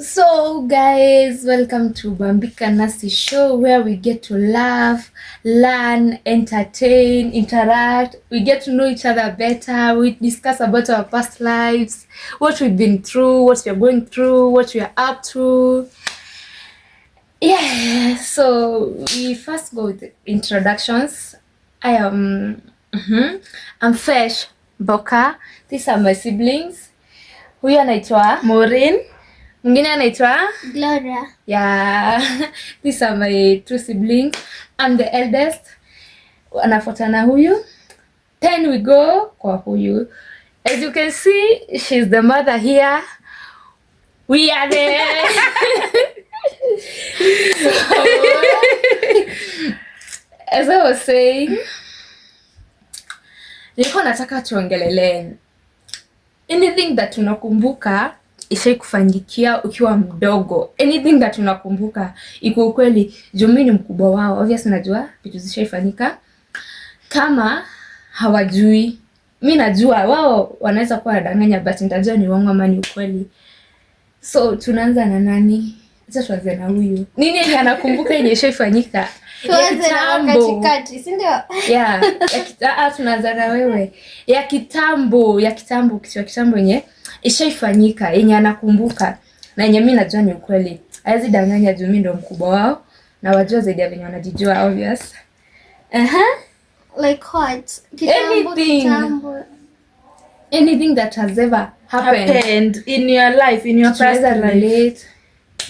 So guys, welcome to Bambika Nasi Show where we get to laugh, learn, entertain, interact. We get to know each other better. We discuss about our past lives, what we've been through, what we're going through, what we're up to. Yeah, so we first go with introductions. I am mm-hmm, I'm Fesh Boka. These are my siblings. huyo anaitwa morin Mwingine anaitwa Gloria. Yeah. These are my two siblings. I'm the eldest. Anafuatana huyu. Then we go kwa huyu. As you can see, she's the mother here. We are the as I was saying, nilikuwa nataka tuongelele anything that tunakumbuka ishai kufanyikia ukiwa mdogo, anything that unakumbuka iko ukweli, juu ni mkubwa wao, obviously najua vitu zishaifanyika. Kama hawajui mi najua, wao wanaweza kuwa wanadanganya, but nitajua ni uongo ama ni ukweli. So tunaanza na nani? Sasa tuanze na huyu. Nini yenye anakumbuka yenye ishafanyika? Ah, tunaanza na wewe ya kitambo, ya kitambo, kitu ya kitambo yenye ishaifanyika yenye anakumbuka na yenye mi najua ni ukweli, hawezi danganya juu mi ndo mkubwa wao na wajua zaidi ya venye wanajijua obvious. Like what? Kitambo, kitambo. Anything that has ever happened happened in your life, in your past life.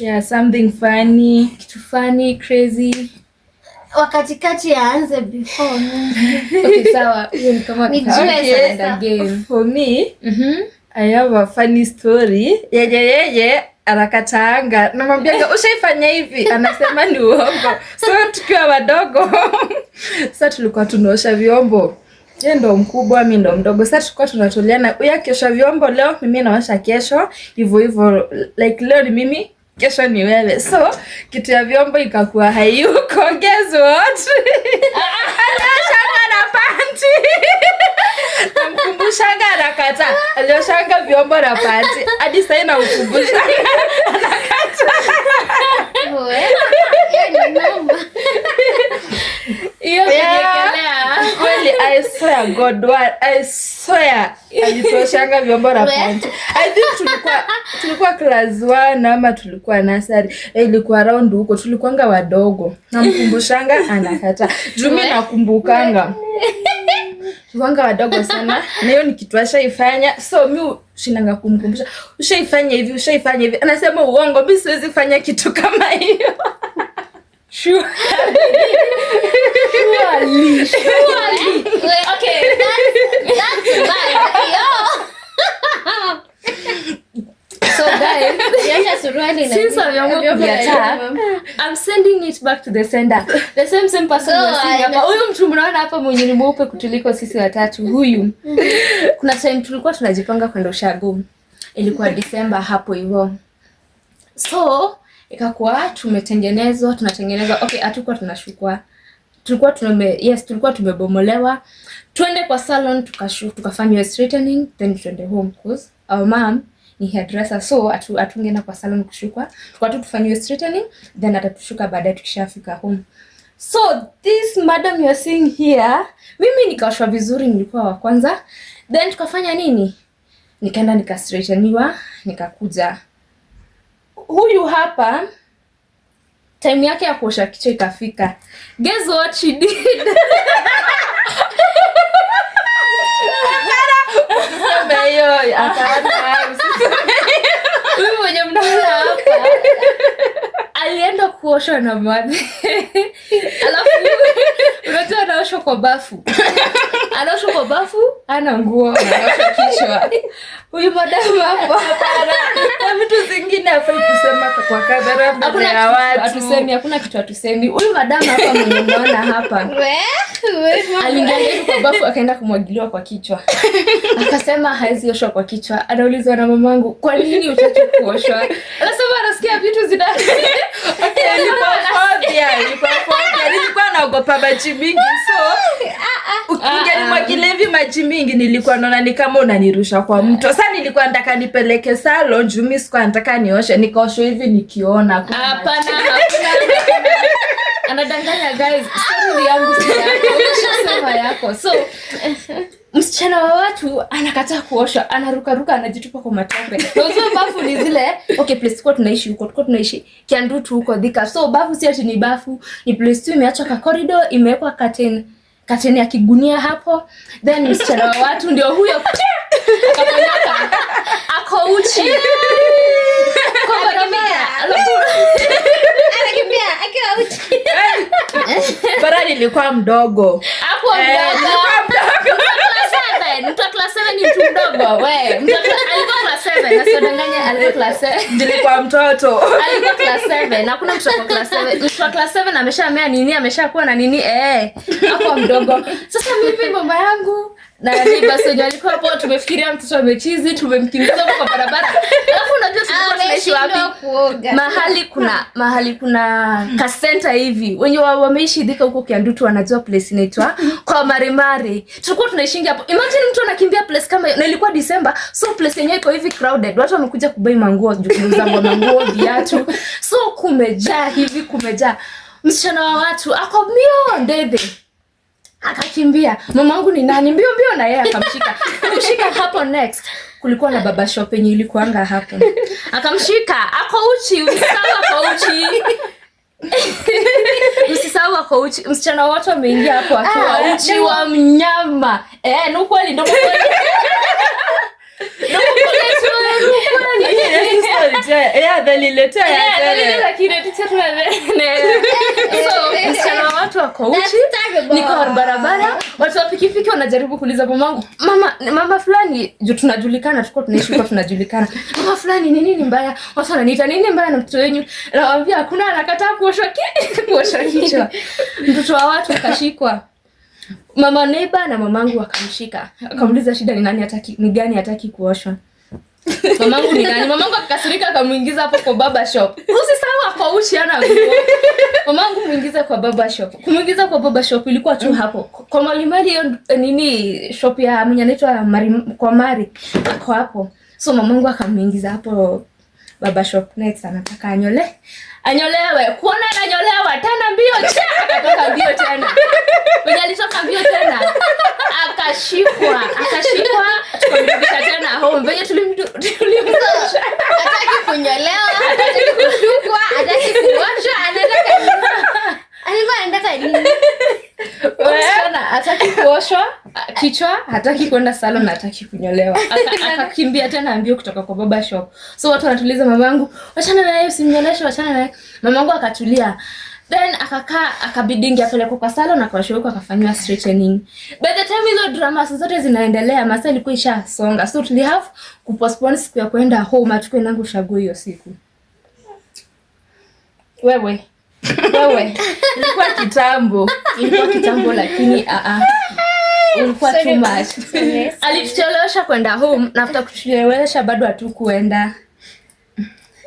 Yeah, something funny, kitu funny, crazy. Wakati kati ya anze before Okay, sawa. Hiyo ni For me, mm-hmm. I have a funny story. Yeye yeye arakataanga namwambianga ushaifanya hivi, anasema ni uongo. So tukiwa wadogo sasa tulikuwa tunaosha vyombo Ye ndo mkubwa, mi ndo mdogo. Sa tulikuwa tunatuliana, uya kiosha vyombo leo, mimi naosha kesho, hivyo hivyo. Like leo ni mimi kesho ni wewe, so kitu ya vyombo ikakuwa hayuko. Guess what? Alioshanga na panti namkumbushanga, anakata. Alioshanga vyombo na panti hadi sasa ukumbushanga anakata hiyo. I swear God, I swear alitoshanga vyombo na pancha. I think tulikuwa tulikuwa class 1 ama tulikuwa nursery, eh, ilikuwa round huko, tulikuanga wadogo. Namkumbushanga anakata jumi, nakumbukanga wanga wadogo sana na hiyo ni kitu ashaifanya, so mi shinanga kumkumbusha, ushaifanya hivi, ushaifanya hivi. Anasema uongo, mi siwezi kufanya kitu kama hiyo. Surely. Surely. Surely. Okay, that's, that's Swali I'm sending it back to the sender. The same same person oh, hapa. Huyu mtu mnaona hapa mwenye ni mweupe kutuliko sisi watatu huyu. Kuna time tulikuwa tunajipanga kwenda ushago. Ilikuwa December hapo hivyo. So, ikakuwa tumetengenezwa, tunatengenezwa. Okay, hatukuwa tunashukwa. Tulikuwa tume yes, tulikuwa tumebomolewa. Twende kwa salon tukashu, tukafanywa straightening, then twende home cause our mom ni hairdresser, so atu, atungeenda kwa salon kushukwa, tu tufanyiwe straightening then atatushuka baadaye tukishafika home. So this madam you are seeing here, mimi nikaoshwa vizuri, nilikuwa wa kwanza, then tukafanya nini, nikaenda nika straighteniwa, nikakuja huyu hapa time yake ya kuosha kichwa ikafika. Guess what she did? anaoshwa na maji alafu unajua anaoshwa kwa bafu, anaoshwa kwa bafu, ana nguo, anaoshwa kichwa. Huyu madamu hapo na vitu zingine hafai kusema kwa kadhara mbele ya watu. Hatusemi, hakuna kitu hatusemi. Huyu madamu hapa mwenye mnaona hapa aliingia kwa bafu, akaenda kumwagiliwa kwa kichwa, akasema haezi oshwa kwa kichwa. Anaulizwa na mamangu, kwa nini utaki kuoshwa? Anasema anasikia vitu zina maji mingi so ah, ah, ah. ungenimwagilivi maji mingi, nilikuwa naona ni kama unanirusha kwa mto. Sasa nilikuwa nataka nipeleke salo juu sikuwa nataka nioshe, nikaosho hivi nikiona. Hapana, anadanganya guys, story yangu si yako, sema yako so msichana wa watu anakataa kuoshwa, anarukaruka, anajitupa kwa matope Hizo bafu ni zile okay, please kwa tunaishi huko, kwa tunaishi Kiandutu huko dhika So bafu si ati ni bafu, ni please tu imeachwa ka corridor, imewekwa curtain curtain ya kigunia hapo, then msichana wa watu ndio huyo akapanyaka, ako uchi kwa barabara, anakimbia akiwa uchi. Eh, Bara nilikuwa mdogo hapo, eh, mdogo ni yaani mtu mdogo we. Alikuwa class 7, asidanganya alikuwa class 7. Nilikuwa mtoto. Alikuwa class 7. Na kuna mtu class 7. Mtu class 7 ameshamea nini, ameshakuwa na nini? Eh, hapo mdogo. Sasa mimi mambo yangu na basi wenye walikuwa hapo tumefikiria mtoto amechizi, tumemkimbiza kwa barabara. Alafu unajua tulikuwa ah, tunaishi wapi? Mahali kuna mahali kuna hmm. kasenta hivi wenye wameishi dhika huko Kiandutu, wanajua place inaitwa hmm. kwa Marimari. Tulikuwa tunaishingia hapo. Imagine mtu anakimbia place kama hiyo, na ilikuwa December, so place yenyewe iko hivi crowded, watu wamekuja kubai manguo, kuuza manguo, viatu, so kumejaa hivi, kumejaa msichana wa watu ako mio ndede akakimbia. mama wangu ni nani? Mbio mbio na yeye akamshika. Akamshika hapo next. Kulikuwa na baba shop yenye ilikuanga hapo. Akamshika. Ako uchi, usisahau ako uchi. Usisahau ako uchi. Msichana wote wameingia hapo akiwa ah, uchi wa mnyama. Eh, ni ukweli ndio adhaliletea msichana watu wako uchi, niko barabara, watu wa pikipiki wanajaribu kuuliza mamangu, mama mama fulani, juu tunajulikana, tuko tunaishi kwa tunajulikana, mama fulani, ni nini mbaya? Watu wananiita nini mbaya na mtoto wenyu? Nawaambia hakuna, anakataa kuoshwa kuoshwa kichwa. Mtoto wa watu akashikwa mama neba na mamangu akamshika, akamuliza shida ni nani hataki, ni gani hataki kuoshwa Mamangu ni nani? Mamangu akakasirika akamuingiza hapo kwa baba shop. Usi sawa kwa uchi ana nguo. Mamangu muingiza kwa baba shop. Kumuingiza kwa baba shop ilikuwa tu hapo. Kwa malimali hiyo nini shop ya mwenye anaitwa Mari kwa Mari. Kwa hapo. So mamangu akamuingiza hapo baba shop next anataka anyole. Anyolewe. Kuona ananyolewa tena mbio cha akatoka mbio tena. Mwenye alitoka mbio tena akashikwa akashikwa, tukamrudisha tena home venye tulimrudisha. kunyolewa, hataki kushukwa, hataki kuoshwa, anataka alikuwa anataka nini? Hataki kuoshwa kichwa, hataki kuenda salon, hataki kunyolewa. Akakimbia tena ambio kutoka kwa baba shop. So watu wanatuliza mamangu, wachana naye, usimnyoleshe, wachana naye. Mamangu akatulia. Then akakaa akabidingi apelekwa kwa salon akawashwa akafanywa straightening. By the time hizo drama zote zinaendelea, masaa ilikuwa ishasonga. So we have postpone siku ya kwenda home atukwe nangu shagu hiyo siku. Wewe. Wewe. Ilikuwa kitambo. Ilikuwa kitambo lakini a ah, a. Ah. Ilikuwa too much. Alituchelewesha kwenda home na after kutuchelewesha bado hatukuenda.